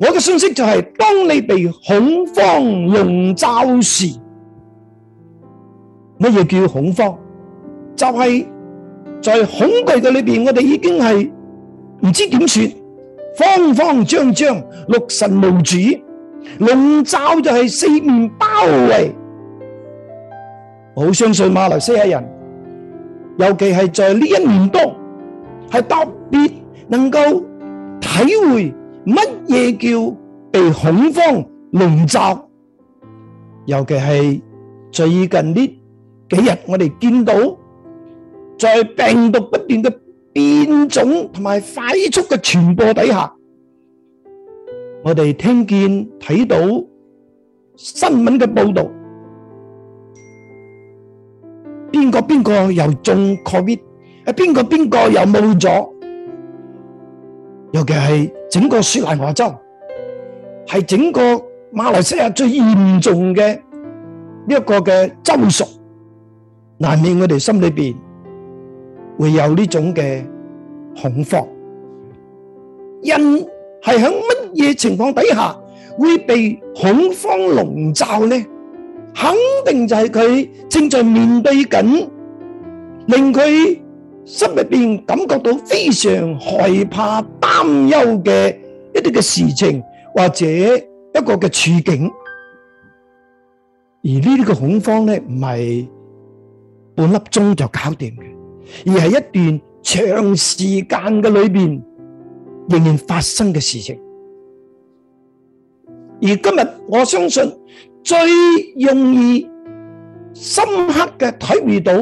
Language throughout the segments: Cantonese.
我嘅信息就係、是，當你被恐慌籠罩時，乜嘢叫恐慌？就係、是、在恐懼嘅裏邊，我哋已經係唔知點算，慌慌張張、六神無主，籠罩就係四面包圍。我好相信馬來西亞人，尤其係在呢一年多，係特別能夠體會。乜嘢叫被恐慌籠罩？尤其係最近呢幾日，我哋見到在病毒不斷嘅變種同埋快速嘅傳播底下，我哋聽見睇到新聞嘅報道，邊個邊個又中 COVID，係邊個邊個又冇咗。尤其是整個雪蘭莪州，係整個馬來西亞最嚴重嘅一個嘅州屬，難免我哋心裏面會有呢種嘅恐慌。人係喺乜嘢情況底下會被恐慌籠罩呢？肯定就係佢正在面對緊令佢心入邊感覺到非常害怕、擔憂嘅一啲嘅事情，或者一個嘅處境，而呢啲嘅恐慌咧唔係半粒鐘就搞掂嘅，而係一段長時間嘅裏邊仍然發生嘅事情。而今日我相信最容易深刻嘅體會到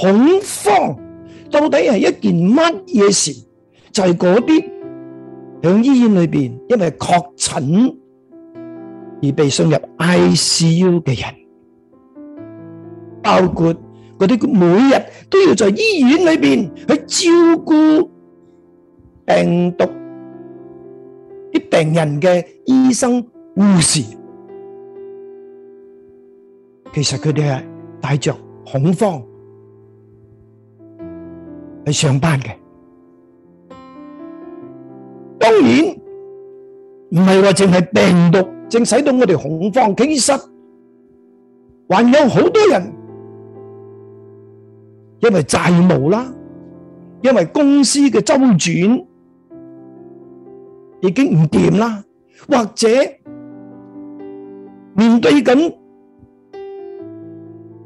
恐慌。到底係一件乜嘢事？就係嗰啲響醫院裏邊因為確診而被送入 ICU 嘅人，包括嗰啲每日都要在醫院裏邊去照顧病毒啲病人嘅醫生護士，其實佢哋係帶着恐慌。係上班嘅，當然唔係話淨係病毒，淨使到我哋恐慌驚失，還有好多人因為債務啦，因為公司嘅周轉已經唔掂啦，或者面對緊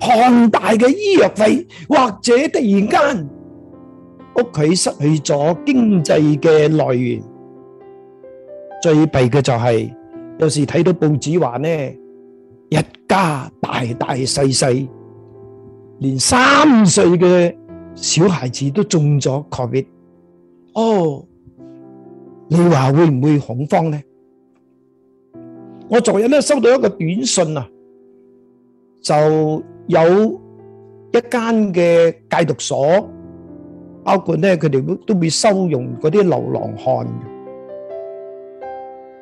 龐大嘅醫藥費，或者突然間。屋企失去咗經濟嘅來源，最弊嘅就係有時睇到報紙話呢，一家大大細細，連三歲嘅小孩子都中咗狂別。哦，你話會唔會恐慌呢？我昨日咧收到一個短信啊,就有一間嘅戒毒所。包括咧，佢哋會都被收容嗰啲流浪漢。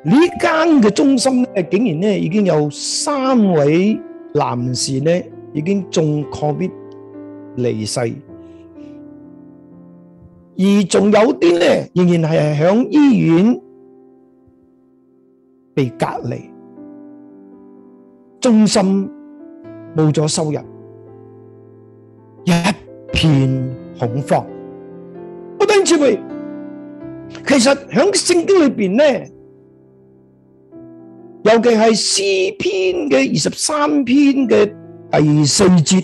呢間嘅中心咧，竟然咧已經有三位男士咧已經仲 COVID 離世，而仲有啲咧仍然係喺醫院被隔離，中心冇咗收入，一片恐慌。我等詞彙，其實喺聖經裏邊咧，尤其係詩篇嘅二十三篇嘅第四節，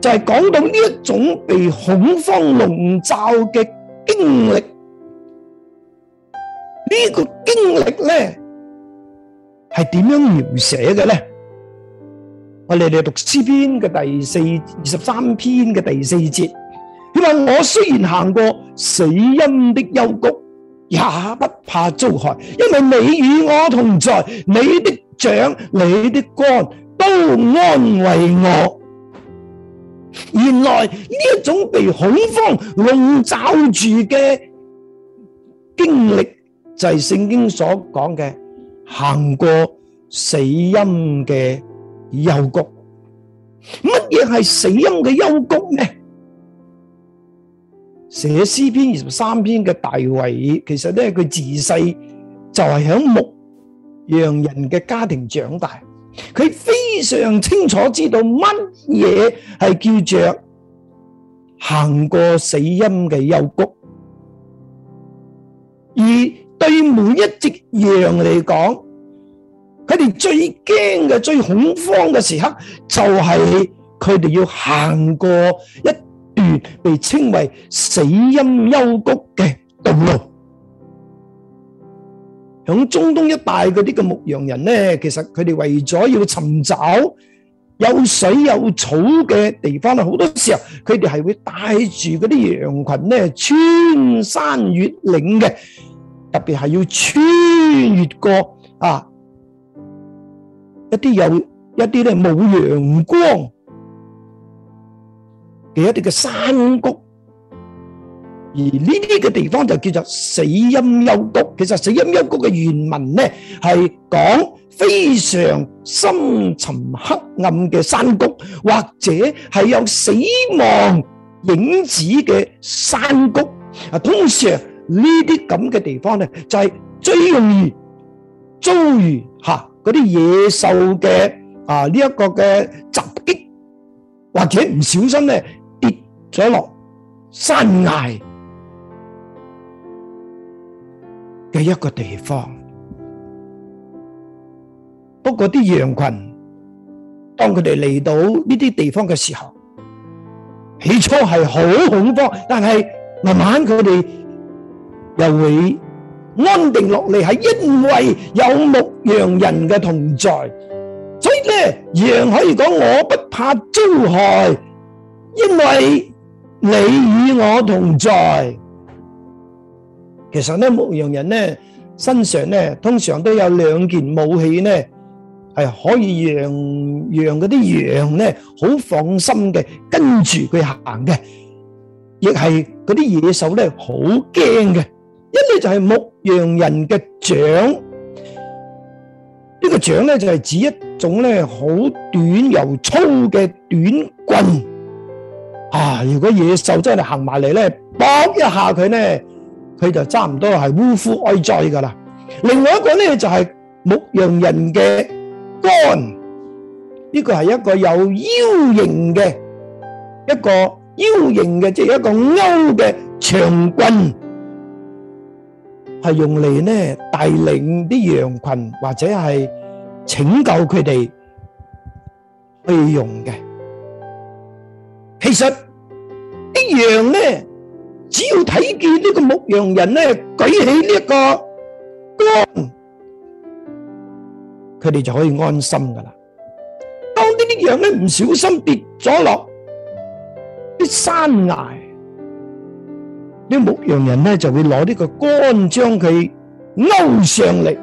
就係講到呢一種被恐慌籠罩嘅經歷。呢個經歷咧係點樣描寫嘅咧？我哋嚟讀詩篇嘅第四二十三篇嘅第四節。佢話我雖然行過死蔭的幽谷，也不怕遭害，因為你與我同在，你的掌、你的竿都安慰我。原來呢一種被恐慌籠罩住嘅經歷，就係、是、聖經所講嘅行過死蔭嘅幽谷。乜嘢係死蔭嘅幽谷呢？寫詩篇二十三篇嘅大衛，其實咧佢自細就係響牧羊人嘅家庭長大，佢非常清楚知道乜嘢係叫着行過死蔭嘅幽谷，而對每一隻羊嚟講，佢哋最驚嘅、最恐慌嘅時刻，就係佢哋要行過一。段被稱為死陰幽谷嘅道路，響中東一帶嗰啲嘅牧羊人呢，其實佢哋為咗要尋找有水有草嘅地方啊，好多時候佢哋係會帶住嗰啲羊群呢穿山越嶺嘅，特別係要穿越過啊一啲有一啲咧冇陽光，嘅一啲嘅山谷，而呢啲嘅地方就叫做死陰幽谷。其實死陰幽谷嘅原文咧係講非常深沉黑暗嘅山谷，或者係有死亡影子嘅山谷。啊，通常呢啲咁嘅地方咧就係最容易遭遇吓嗰啲野獸嘅啊呢一個嘅襲擊，或者唔小心咧。坐落山崖嘅一個地方，不過啲羊群當佢哋嚟到呢啲地方嘅時候，起初係好恐慌，但係慢慢佢哋又會安定落嚟，係因為有牧羊人嘅同在，所以咧羊可以講我不怕遭害，因為。你與我同在，其實咧，牧羊人咧身上咧通常都有兩件武器咧，係可以讓讓嗰啲羊咧好放心嘅跟住佢行嘅，亦係嗰啲野獸咧好驚嘅。一咧就係牧羊人嘅杖，呢個杖咧就係指一種咧好短又粗嘅短棍。啊！如果野獸真係行埋嚟咧，搏一下佢咧，佢就差唔多係嗚呼哀哉噶啦。另外一個咧就係、是、牧羊人嘅杆。呢、這個係一個有腰形嘅一個腰形嘅，即係一個勾嘅長棍，係用嚟咧帶領啲羊群或者係拯救佢哋要用嘅。其實啲羊咧，只要睇見呢個牧羊人咧舉起呢一個桿，佢哋就可以安心㗎喇。當啲啲羊咧唔小心跌咗落啲山崖，啲牧羊人咧就會攞呢個桿將佢勾上嚟。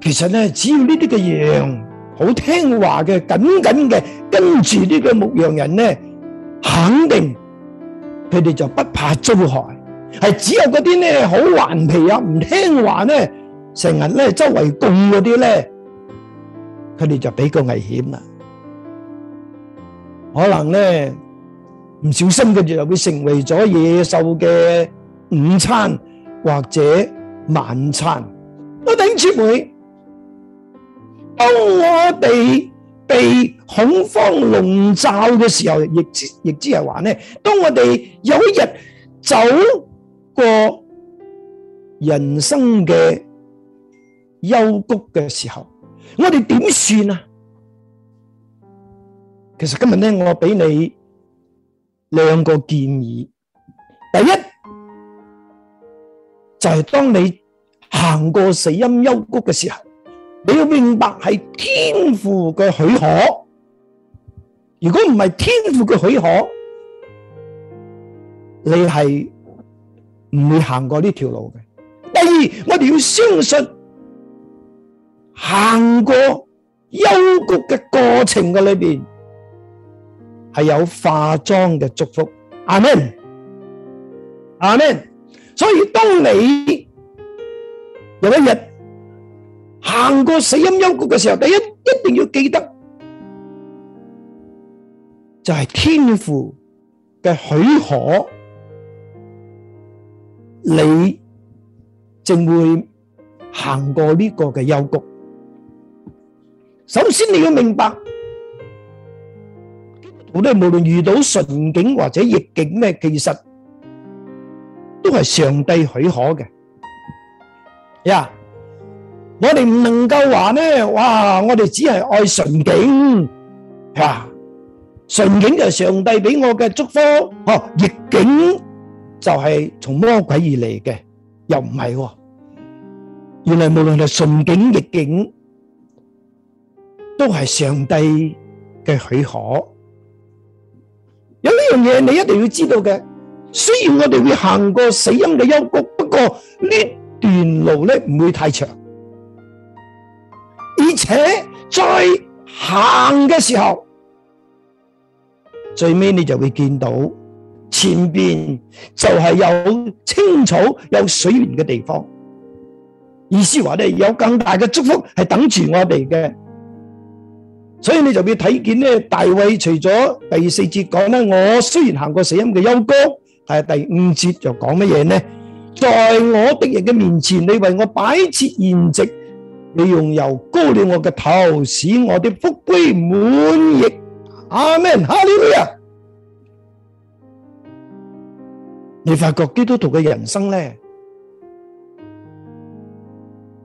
其實咧，只要呢啲嘅羊。好聽話嘅，緊緊嘅跟住呢個牧羊人咧，肯定佢哋就不怕遭害。係只有嗰啲咧好頑皮啊、唔聽話咧，成日咧周圍動嗰啲咧，佢哋就比較危險啦。可能咧唔小心佢哋就會成為咗野獸嘅午餐或者晚餐。我頂節目。當我哋被恐慌籠罩嘅時候，亦即亦即係話呢，當我哋有一日走過人生嘅幽谷嘅時候，我哋點算啊？其實今日呢，我俾你兩個建議。第一就係、是、當你行過死陰幽谷嘅時候。你要明白係天父嘅許可，如果唔係天父嘅許可，你係唔會行過呢條路嘅。第二，我哋要相信行過憂谷嘅過程嘅裏邊係有化妝嘅祝福，阿們、阿們。所以當你有一日。行過死陰幽谷嘅時候，第一一定要記得，就係天父嘅許可，你正會行過呢個嘅幽谷。首先你要明白，我哋無論遇到順境或者逆境，咩其實都係上帝許可嘅呀。我哋唔能夠話咧，哇！我哋只係愛順景，吓，順景就係上帝俾我嘅祝福，嗬、啊，逆境就係從魔鬼而嚟嘅，又唔係、哦，原來無論係順景、逆境，都係上帝嘅許可。有呢樣嘢，你一定要知道嘅。雖然我哋會行過死蔭嘅幽谷，不過呢段路咧唔會太長。而且再行嘅時候，最尾你就會見到前邊就係有青草、有水源嘅地方。意思話咧，有更大嘅祝福係等住我哋嘅。所以你就會睇見咧，大衛除咗第四節講咧，我雖然行過死蔭嘅幽谷，但係第五節就講乜嘢咧？在我敵人嘅面前，你為我擺設筵席。你用油膏了我嘅頭，使我的福杯滿溢。阿門，哈利路亞。你發覺基督徒嘅人生咧，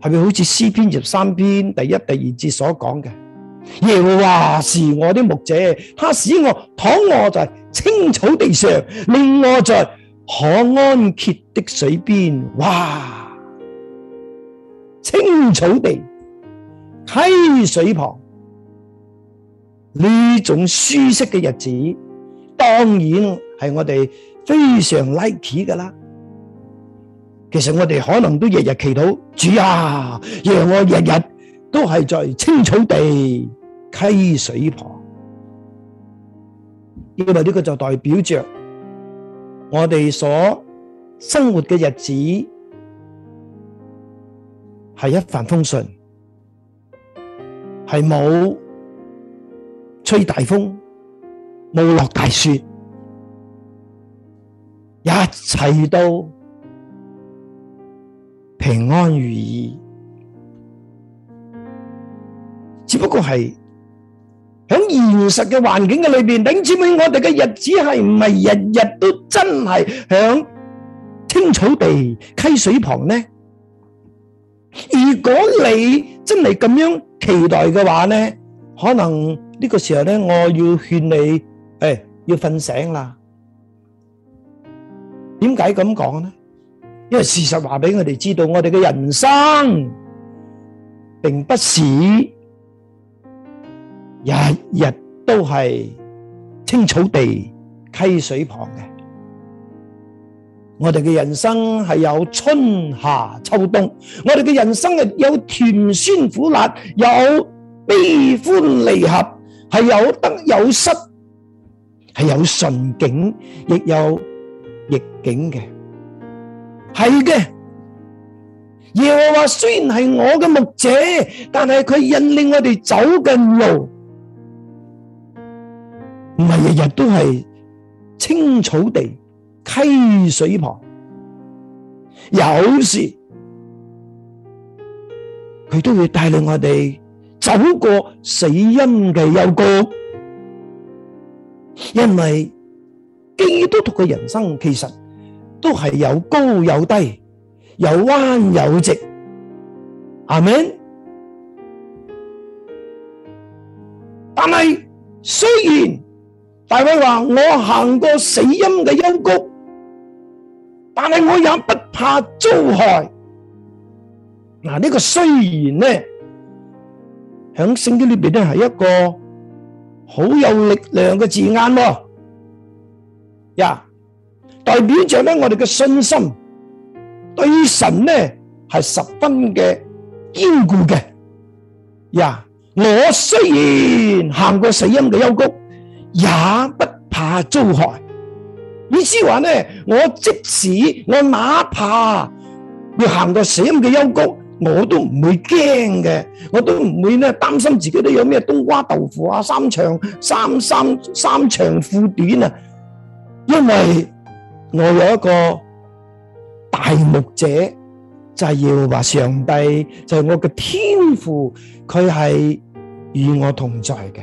係咪好似詩篇廿三篇第一、第二節所講嘅？耶和華是我的牧者，他使我躺臥在青草地上，令我在可安歇的水邊。哇！青草地溪水旁呢種舒適嘅日子，當然係我哋非常 like 嘅啦。其實我哋可能都日日祈禱主啊，讓我日日都係在青草地溪水旁，因為呢個就代表着我哋所生活嘅日子。係一帆風順，係冇吹大風，冇落大雪，一切都平安如意。只不過係響現實嘅環境嘅裏邊，你知唔知我哋嘅日子係唔係日日都真係響青草地溪水旁呢？如果你真係咁樣期待嘅話咧，可能呢個時候咧，我要勸你誒、哎，要瞓醒啦。點解咁講咧？因為事實話俾我哋知道，我哋嘅人生並不是日日都係青草地溪水旁嘅。我哋嘅人生係有春夏秋冬，我哋嘅人生係有甜酸苦辣，有悲歡離合，係有得有失，係有順境，亦有逆境嘅。係嘅，耶和華雖然係我嘅牧者，但係佢引領我哋走嘅路唔係日日都係青草地。溪水旁，有時佢都會帶領我哋走過死陰嘅幽谷，因為基督徒嘅人生其實都係有高有低，有彎有直，係咪？但係雖然，大衛話我行過死陰嘅幽谷。但係我也不怕遭害。嗱，呢個雖然咧，響聖經裏邊咧係一個好有力量嘅字眼喎，呀，代表着咧我哋嘅信心對神咧係十分嘅堅固嘅。呀，我雖然行過死蔭嘅幽谷，也不怕遭害。意思話咧,我即使我哪怕要行到死咁嘅幽谷,我都唔會驚嘅我都唔會咧擔心自己都有咩冬瓜豆腐啊,三長三三三長褲短啊,因為我有一個大牧者,就係要話上帝就係我嘅天父佢係與我同在嘅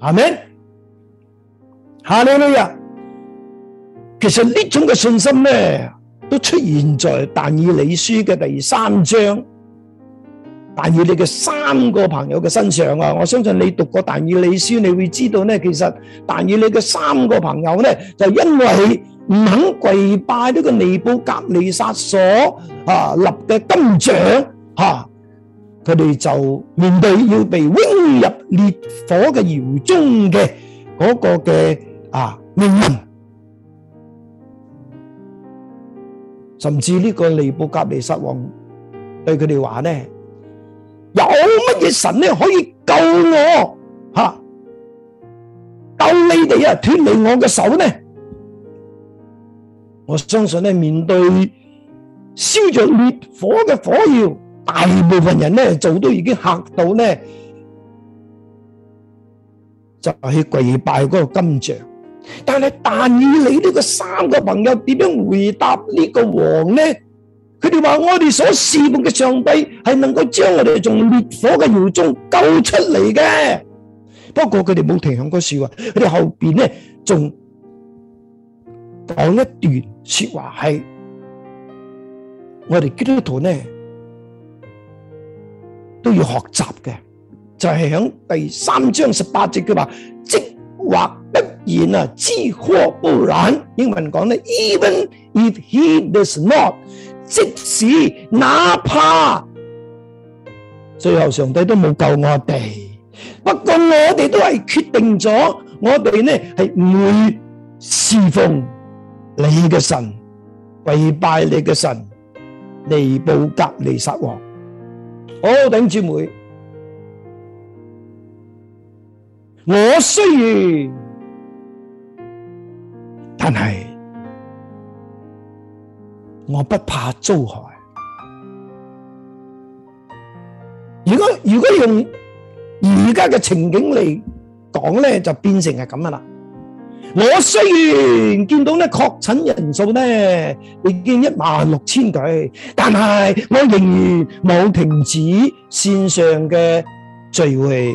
阿們.下禮拜日.其實呢種嘅信心咧，都出現在但以理書嘅第三章，但以理嘅三個朋友嘅身上啊！我相信你讀過但以理書，你會知道咧。其實但以理嘅三個朋友咧，就因為唔肯跪拜呢個尼布甲尼撒所啊立嘅金像，吓、啊，佢哋就面對要被扔入烈火嘅窯中嘅嗰個嘅啊命運。甚至呢個尼布甲尼撒王，對佢哋話咧，有乜嘢神咧可以救我？吓，救你哋啊，脫離我嘅手咧？我相信咧，面對燒着烈火嘅火窯，大部分人咧做到已經嚇到咧，就係去跪拜嗰個金像。但係，但以理呢個三個朋友點樣回答呢個王呢？佢哋話：我哋所侍奉嘅上帝係能夠將我哋從烈火嘅窯中救出嚟嘅。不過佢哋冇停響嗰說話，佢哋後邊呢仲講一段說話係我哋基督徒呢都要學習嘅，就係、是、響第三章十八節佢話即。或不然啊，即或不然，英文講咧，even if he does not，即使哪怕，最後上帝都冇救我哋。不過我哋都係決定咗，我哋咧係唔會侍奉你嘅神，跪拜你嘅神，尼布甲尼撒王。好，頂姊妹。我雖然，但係我不怕遭害。如果如果用而家嘅情景嚟講咧，就變成係咁噶啦。我雖然見到咧確診人數咧，已經一萬六千句，但係我仍然冇停止線上嘅聚會。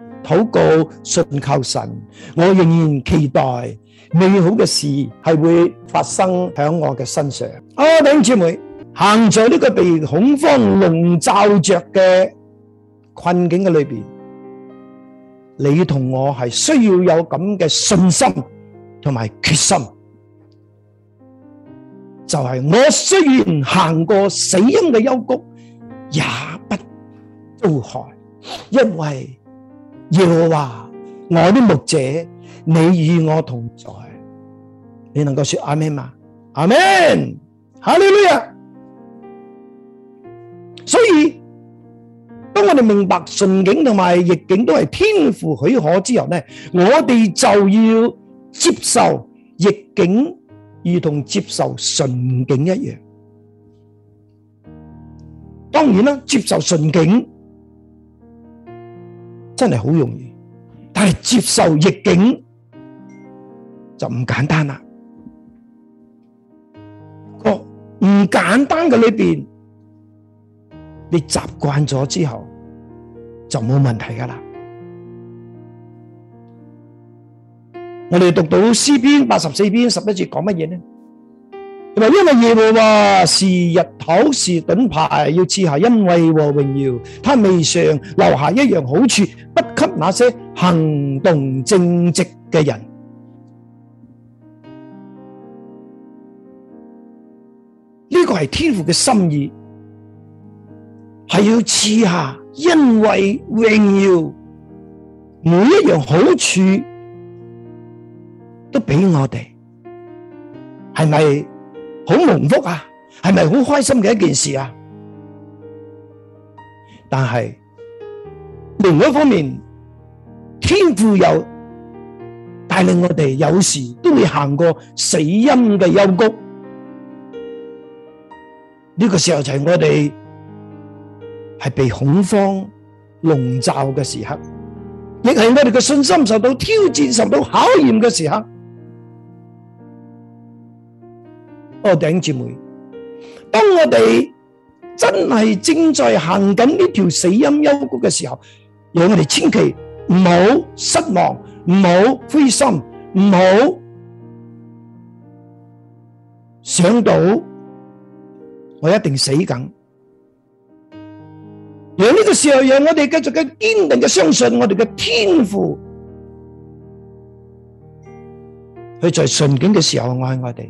禱告、信靠神，我仍然期待美好嘅事係會發生響我嘅身上。啊，弟兄姊妹，行在呢個被恐慌籠罩着嘅困境嘅裏邊，你同我係需要有咁嘅信心同埋決心。就係、是、我雖然行過死蔭嘅幽谷，也不受害，因為。耶和華我的牧者，你與我同在，你能夠說阿們嘛？阿們？哈利路亞？所以當我哋明白順境同埋逆境都係天父許可之後咧，我哋就要接受逆境，如同接受順境一樣。當然啦，接受順境。真係好容易，但係接受逆境就唔簡單喇。嗰唔簡單嘅裏邊，你習慣咗之後就冇問題㗎喇。我哋讀到詩篇八十四篇十一節講乜嘢呢？因為耶和華是日頭，是盾牌，要賜下恩惠和榮耀，他未嘗留下一樣好處，不給那些行動正直嘅人。呢個係天父嘅心意，係要賜下恩惠榮耀，每一樣好處都俾我哋，係咪？好蒙福啊，係咪好開心嘅一件事啊？但係另外一方面，天父有帶領我哋，有時都會行過死蔭嘅幽谷。呢、這個時候就係我哋係被恐慌籠罩嘅時刻，亦係我哋嘅信心受到挑戰、受到考驗嘅時刻。哦，弟兄姊妹，每當我哋真係正在行緊呢條死陰幽谷嘅時候，讓我哋千祈唔好失望，唔好灰心，唔好想到我一定死緊。喺呢個時候，讓我哋繼續嘅堅定嘅相信我哋嘅天父，佢在順境嘅時候，我喺我哋。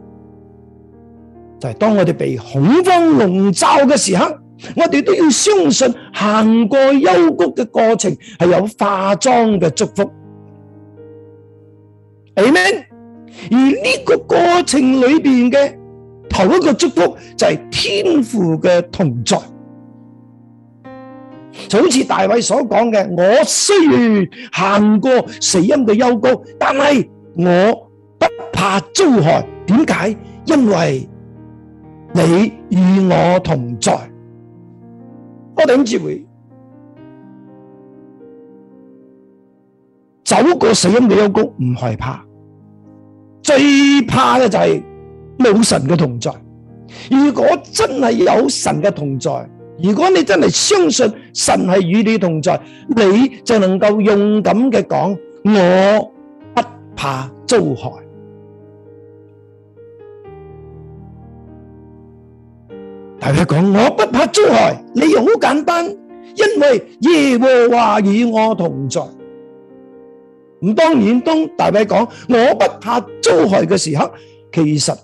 就係當我哋被恐慌籠罩嘅時刻，我哋都要相信行過幽谷嘅過程係有化妝嘅祝福，Amen。而呢個過程裏邊嘅頭一個祝福就係天父嘅同在，就好似大衛所講嘅：我雖然行過死蔭嘅幽谷，但係我不怕遭害。點解？因為你與我同在，我頂住會走過死陰的幽谷，唔害怕。最怕嘅就係冇神嘅同在。如果真係有神嘅同在，如果你真係相信神係與你同在，你就能夠勇敢嘅講，我不怕遭害。你講我不怕災害，你就好簡單，因為耶和華與我同在。咁當然，當大衛講我不怕災害嘅時刻，其實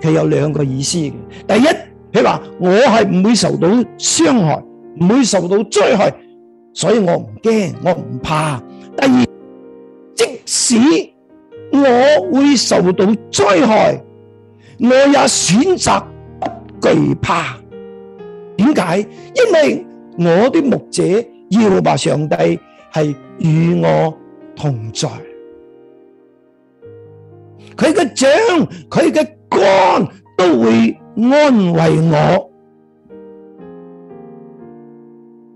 佢有兩個意思嘅。第一，佢話我係唔會受到傷害，唔會受到災害，所以我唔驚，我唔怕。第二，即使我會受到災害，我也選擇。懼怕點解？因為我啲牧者耶和華上帝係與我同在，佢嘅掌佢嘅肝都會安慰我。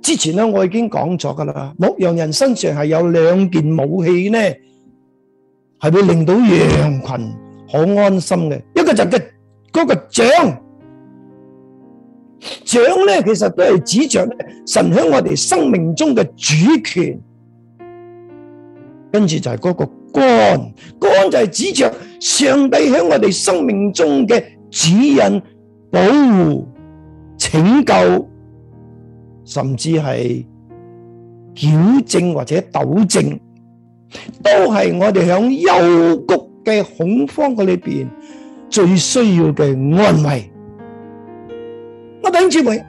之前咧我已經講咗噶啦，牧羊人身上係有兩件武器咧，係會令到羊群好安心嘅。一個就嘅嗰、嗰個嗰個掌。掌咧其實都係指着神喺我哋生命中嘅主權，跟住就係嗰個光，光就係指着上帝喺我哋生命中嘅指引、保護、拯救，甚至係矯正或者糾正，都係我哋響幽谷嘅恐慌裏邊最需要嘅安慰。我頂住佢，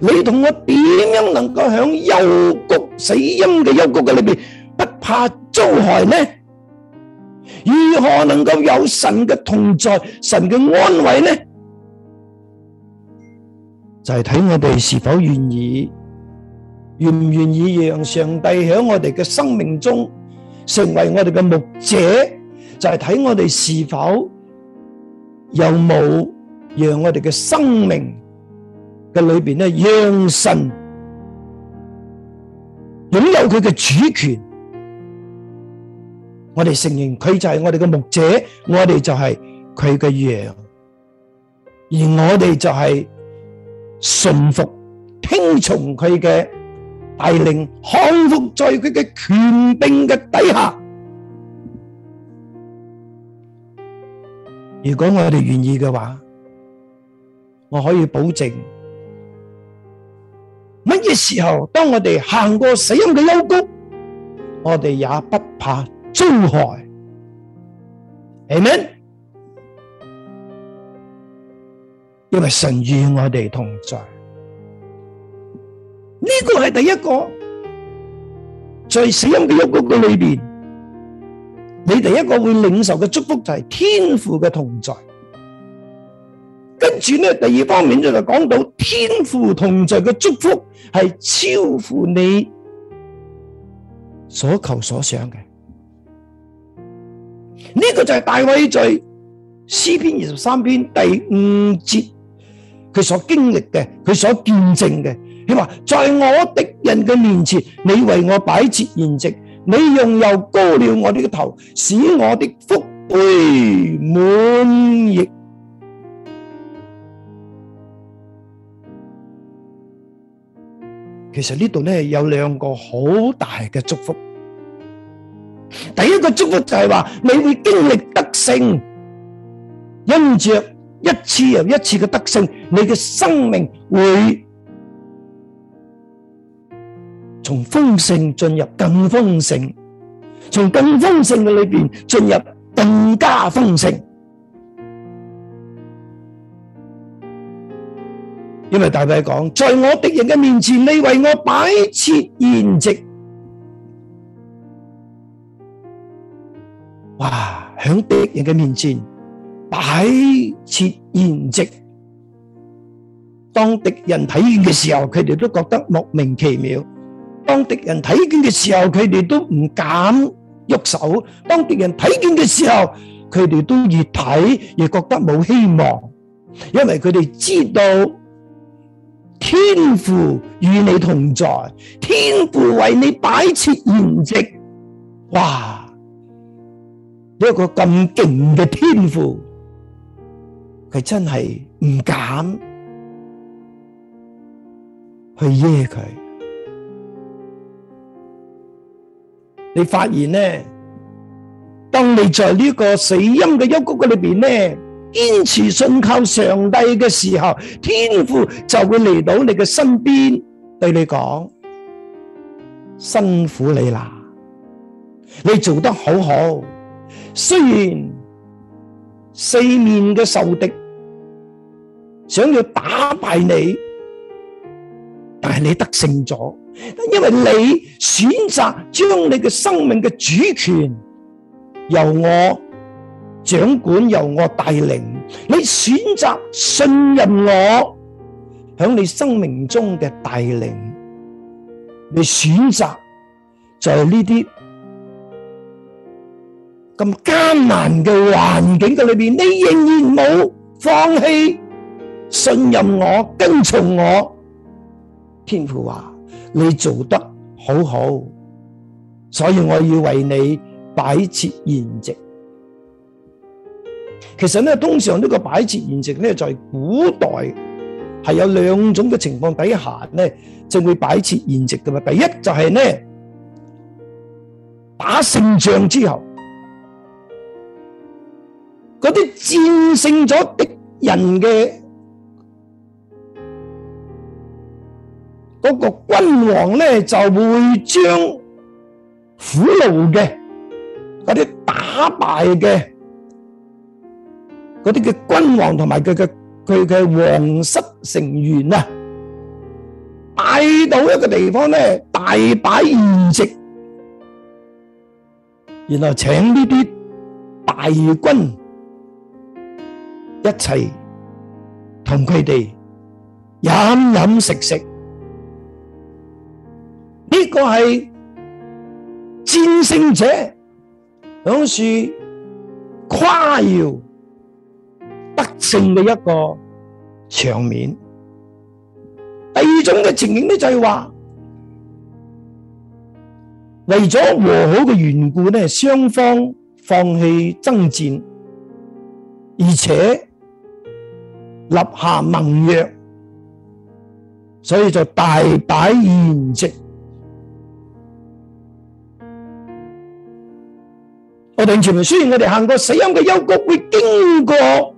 你同我點樣能夠響幽谷死陰嘅幽谷嘅裏邊不怕遭害呢？如何能夠有神嘅同在、神嘅安慰呢？就係睇我哋是否願意，願唔願意讓上帝響我哋嘅生命中成為我哋嘅牧者？就係睇我哋是否有冇讓我哋嘅生命。裏邊呢，讓神擁有佢嘅主權，我哋承認佢就係我哋嘅牧者，我哋就係佢嘅羊，而我哋就係順服聽從佢嘅帶領，降服在佢嘅權柄嘅底下。如果我哋願意嘅話，我可以保證。乜嘢時候？當我哋行過死陰嘅幽谷，我哋也不怕遭害，係咪？因為神與我哋同在。呢個係第一個，在死陰嘅幽谷嘅裏面，你第一個會領受嘅祝福就係天父嘅同在。跟住咧，第二方面就係講到天父同在嘅祝福係超乎你所求所想嘅。呢、呢個就係大衛在詩篇二十三篇第五節佢所經歷嘅，佢所見證嘅。佢話在我敵人嘅面前，你為我擺設筵席，你用油膏了我呢個頭，使我的福杯滿溢。其實呢度咧有兩個好大嘅祝福。第一個祝福就係話你會經歷得勝，因着一次又一次嘅得勝，你嘅生命會從豐盛進入更豐盛，從更豐盛嘅裏邊進入更加豐盛。因為大髀講，在我敵人嘅面前，你為我擺設筵席。哇！響敵人嘅面前擺設筵席，當敵人睇見嘅時候，佢哋都覺得莫名其妙；當敵人睇見嘅時候，佢哋都唔敢喐手；當敵人睇見嘅時候，佢哋都越睇越覺得冇希望，因為佢哋知道。天父與你同在，天父為你擺設筵席。哇！一個咁勁嘅天父，佢真係唔敢去惹佢。你發現咧，當你在呢個死蔭嘅幽谷嘅裏邊咧。堅持信靠上帝嘅時候，天父就會嚟到你嘅身邊，對你講：辛苦你啦，你做得好好。雖然四面嘅受敵想要打敗你，但係你得勝咗，因為你選擇將你嘅生命嘅主權由我。掌管，由我帶領，你選擇信任我，喺你生命中嘅帶領，你選擇在呢啲咁艱難嘅環境裏邊，你仍然冇放棄，信任我，跟從我。天父話：你做得好好，所以我要為你擺設筵席。其實咧，通常呢個擺設宴席咧，在、就是、古代係有兩種嘅情況底下咧，就會擺設宴席噶嘛。第一就係咧，打勝仗之後，嗰啲戰勝咗敵人嘅嗰個君王咧，就會將俘虜嘅嗰啲打敗嘅。嗰啲嘅君王同埋佢嘅佢嘅皇室成員啊，擺到一個地方咧，大擺筵席，然後請呢啲大軍一齊同佢哋飲飲食食，呢個係戰勝者響樹誇耀。得勝嘅一個場面。第二種嘅情形呢，就係話為咗和好嘅緣故呢，雙方放棄爭戰，而且立下盟約，所以就大擺筵席。我哋前面雖然我哋行過死蔭嘅幽谷，會經過。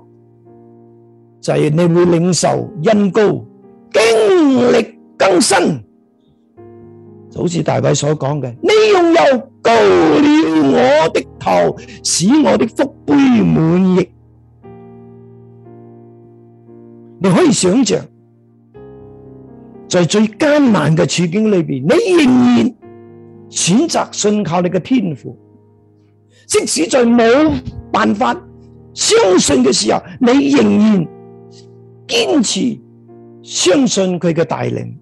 就係、是，你會領受恩膏，經歷更新，就好似大衛所講嘅，你用油膏了我的頭，使我的福杯滿溢。你可以想象，在、就是、最艱難嘅處境裏邊，你仍然選擇信靠你嘅天父，即使在冇辦法相信嘅時候，你仍然。堅持相信佢嘅帶領，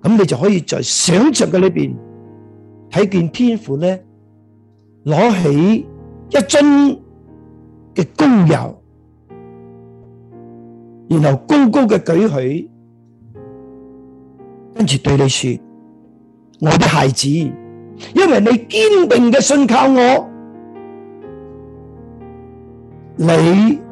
咁你就可以在想象嘅裏邊睇見天父咧，攞起一樽嘅膏油，然後高高嘅舉起，跟住對你說：我的孩子，因為你堅定嘅信靠我，你。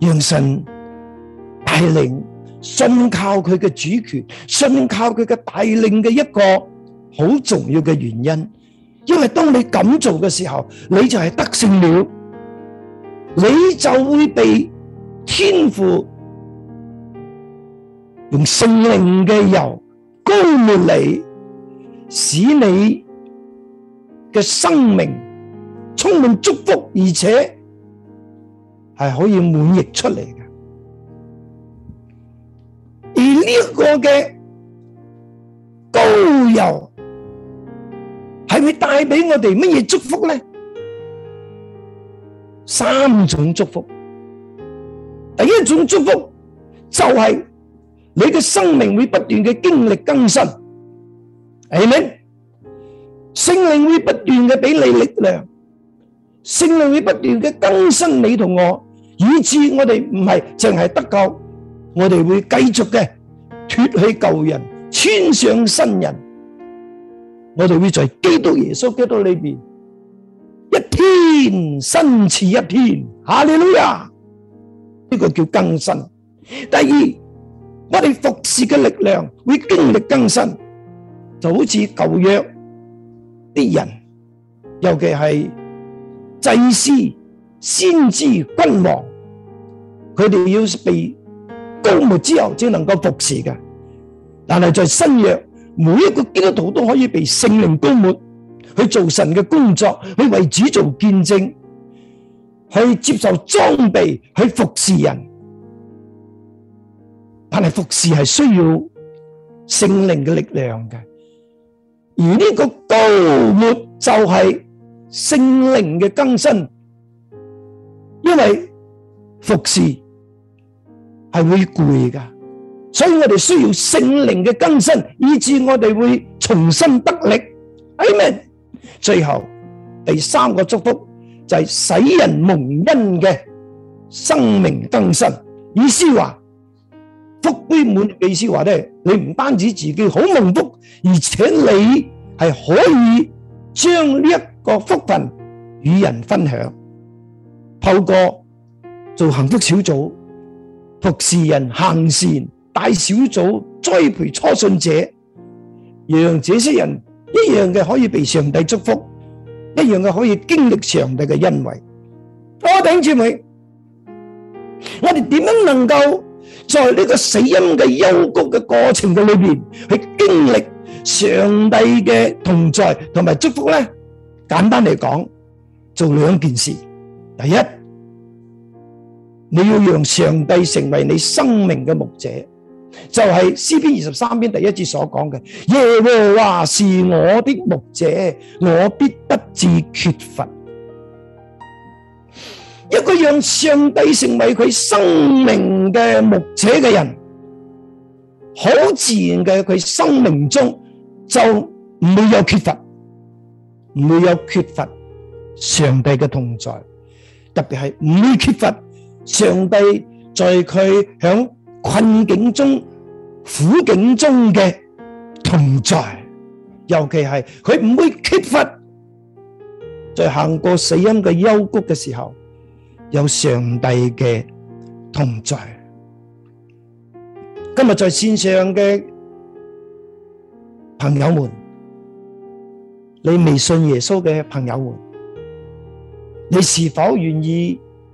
讓神帶領，信靠佢嘅主權，信靠佢嘅帶領嘅一個好重要嘅原因，因為當你咁做嘅時候，你就係得勝了，你就會被天父用聖靈嘅油膏抹你，使你嘅生命充滿祝福，而且。係可以滿溢出嚟嘅，而呢個嘅膏油係會帶俾我哋乜嘢祝福咧？三種祝福，第一種祝福就係你嘅生命會不斷嘅經歷更新，係咪？聖靈會不斷嘅俾你力量，聖靈會不斷嘅更新你同我。以致我哋唔係淨係得救，我哋會繼續嘅脱去舊人，穿上新人。我哋會在基督耶穌基督裏邊一天新似一天。哈利路亞，呢個叫更新。第二，我哋服侍嘅力量會經歷更新，就好似舊約啲人，尤其係祭司、先知、君王。佢哋要被膏抹之後，先能夠服侍嘅。但係在新約，每一個基督徒都可以被聖靈膏抹，去做神嘅工作，去為主做見證，去接受裝備，去服侍人。但係服侍係需要聖靈嘅力量嘅，而呢個膏抹就係聖靈嘅更新，因為。服侍係會攰㗎，所以我哋需要聖靈嘅更新，以致我哋會重新得力。阿門。最後第三個祝福就係、是、使人蒙恩嘅生命更新，意思話福杯滿，意思話咧，你唔單止自己好蒙福，而且你係可以將呢一個福分與人分享，透過。做幸福小組，服侍人，行善，帶小組，栽培初信者，讓這些人一樣嘅可以被上帝祝福，一樣嘅可以經歷上帝嘅恩惠。弟兄姐妹，我哋點樣能夠在呢個死蔭嘅幽谷嘅過程嘅裏邊去經歷上帝嘅同在同埋祝福咧？簡單嚟講，做兩件事，第一。你要讓上帝成為你生命嘅牧者，就係詩篇二十三篇第一節所講嘅：耶和華是我的牧者，我必不至缺乏。一個讓上帝成為佢生命嘅牧者嘅人，好自然嘅佢生命中就唔會有缺乏，唔會有缺乏上帝嘅同在，特別係唔會缺乏。上帝在佢喺困境中、苦境中嘅同在，尤其係佢唔會缺乏，在行過死蔭嘅幽谷嘅時候，有上帝嘅同在。今日在線上嘅朋友們，你未信耶穌嘅朋友們，你是否願意？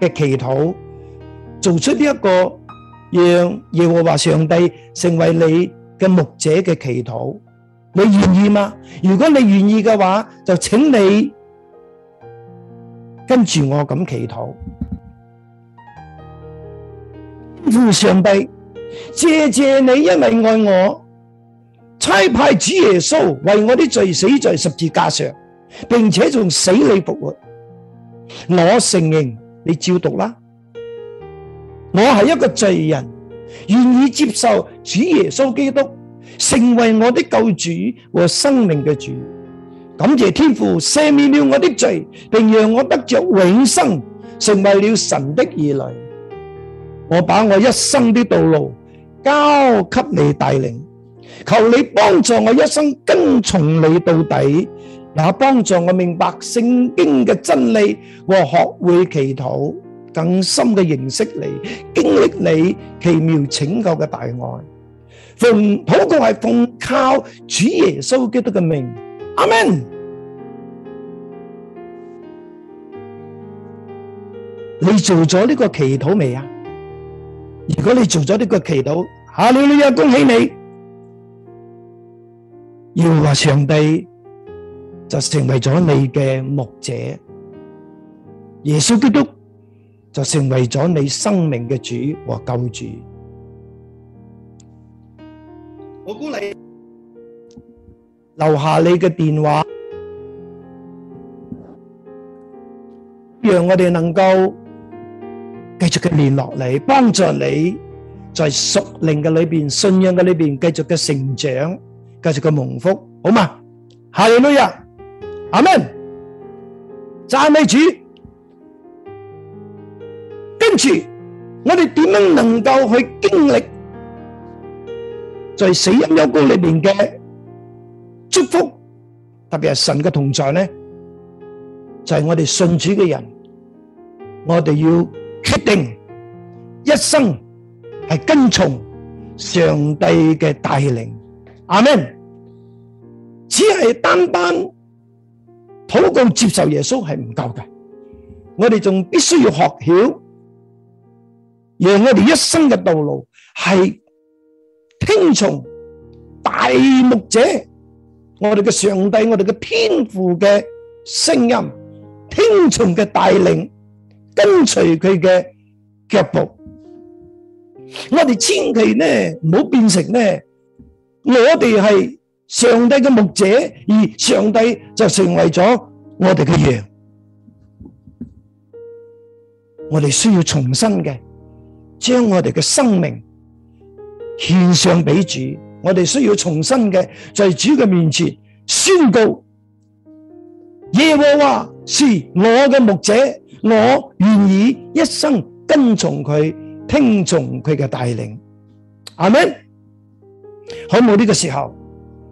嘅祈禱，做出呢一個讓耶和華上帝成為你嘅牧者嘅祈禱，你願意嗎？如果你願意嘅話，就請你跟住我咁祈禱。天父上帝，謝謝你因為愛我，差派主耶穌為我啲罪死在十字架上，並且從死裏復活。我承認。你照讀啦。我係一個罪人，願意接受主耶穌基督，成為我的救主和生命嘅主。感謝天父赦免了我的罪，並讓我得着永生，成為了神的兒女。我把我一生的道路交給你帶領，求你幫助我一生跟從你到底。嗱，幫助我明白聖經嘅真理，和學會祈禱，更深嘅認識你，經歷你奇妙拯救嘅大愛。奉禱告係奉靠主耶穌基督嘅名，阿門。你做咗呢個祈禱未啊？如果你做咗呢個祈禱，下邊呢又恭喜你，要話上帝，就成為咗你嘅牧者，耶穌基督就成為咗你生命嘅主和救主。我鼓勵你留下你嘅電話，讓我哋能夠繼續嘅聯絡你，幫助你在屬靈嘅裏邊，信仰嘅裏邊繼續嘅成長，繼續嘅蒙福，好嘛？係呢日。阿門，讚美主。跟住我哋點樣能夠去經歷在死蔭幽谷裏面嘅祝福，特別係神嘅同在呢？就係我哋信主嘅人，我哋要決定一生係跟從上帝嘅帶領。阿門，只係單單。禱告接受耶穌係唔夠嘅，我哋仲必須要學曉，讓我哋一生嘅道路係聽從大牧者、我哋嘅上帝、我哋嘅天父嘅聲音，聽從嘅帶領，跟隨佢嘅腳步。我哋千祈呢，唔好變成呢，我哋係。上帝嘅牧者，而，上帝就成為咗我哋嘅羊。我哋需要重新嘅，將我哋嘅生命獻上俾主。我哋需要重新嘅，在、就是、主嘅面前宣告：耶和華是我嘅牧者，我願意一生跟從佢，聽從佢嘅帶領。阿門，好冇呢個時候？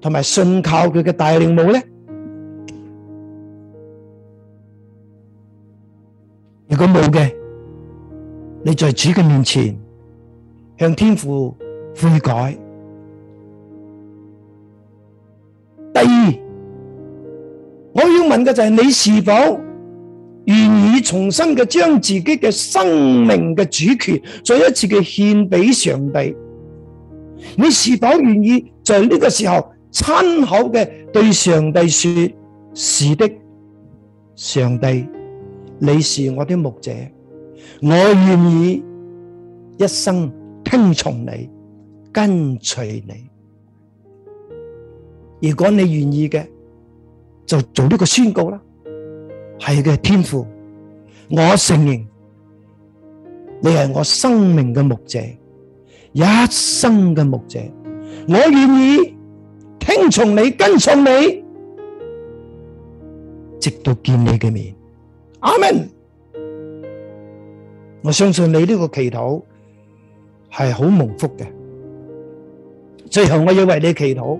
同埋信靠佢嘅帶領冇咧？如果冇嘅，你在主嘅面前向天父悔改。第二，我要問嘅就係你是否願意重新嘅將自己嘅生命嘅主權再一次嘅獻俾上帝？你是否願意在呢個時候？親口嘅對上帝說：是的，上帝，你是我的牧者，我願意一生聽從你，跟隨你。如果你願意嘅，就做呢個宣告啦。係嘅，天父，我承認你係我生命嘅牧者，一生嘅牧者，我願意。聽從你，跟從你，直到見你嘅面。阿門！我相信你呢個祈禱係好蒙福嘅。最後我要為你祈禱，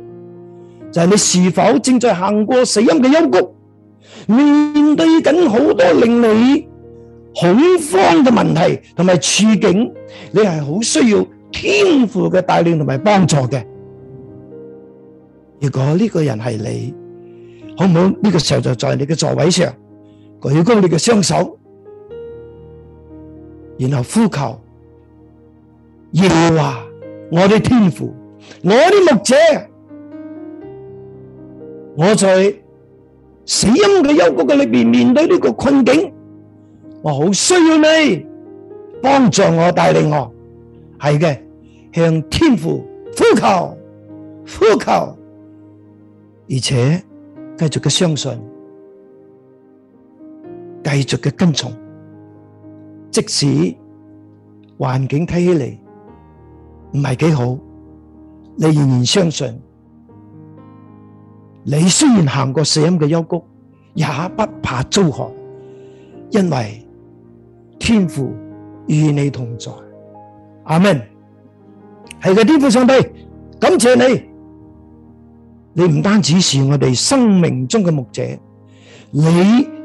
就係你是否正在行過死蔭嘅幽谷，面對緊好多令你恐慌嘅問題同埋處境，你係好需要天父嘅帶領同埋幫助嘅。如果呢個人係你，好唔好？呢個時候就在你嘅座位上，舉高你嘅雙手，然後呼求，耶華，我啲天父，我啲牧者，我在死蔭嘅幽谷嘅裏邊面，面對呢個困境，我好需要你幫助我帶領我。係嘅，向天父呼求，呼求。而且繼續嘅相信，繼續嘅跟從，即使環境睇起嚟唔係幾好，你仍然相信。你雖然行過死蔭嘅幽谷，也不怕遭害，因為天父與你同在。阿門。係嘅，天父上帝，感謝你。你唔單止是我哋生命中嘅牧者，你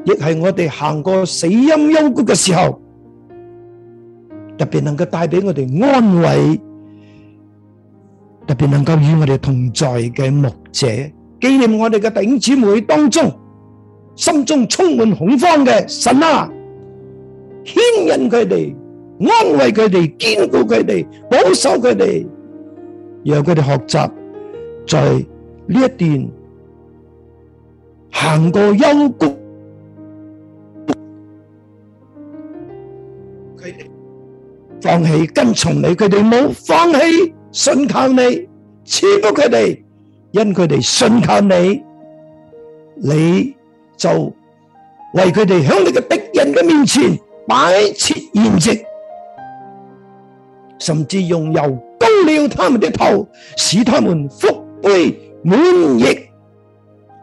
亦係我哋行過死陰幽谷嘅時候，特別能夠帶俾我哋安慰，特別能夠與我哋同在嘅牧者。紀念我哋嘅弟兄姊妹當中，心中充滿恐慌嘅神啊，牽引佢哋，安慰佢哋，堅固佢哋，保守佢哋，讓佢哋學習在。呢一段行過幽谷，佢哋放棄跟從你，佢哋冇放棄信靠你，賜福佢哋，因佢哋信靠你，你就為佢哋響你嘅敵人嘅面前擺設筵席，甚至用油膏了他們嘅頭，使他們福杯滿意，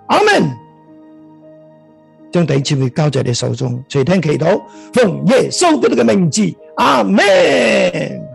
阿門，將底錢會交在你手中，隨聽祈禱，奉耶穌基督嘅名字，阿門。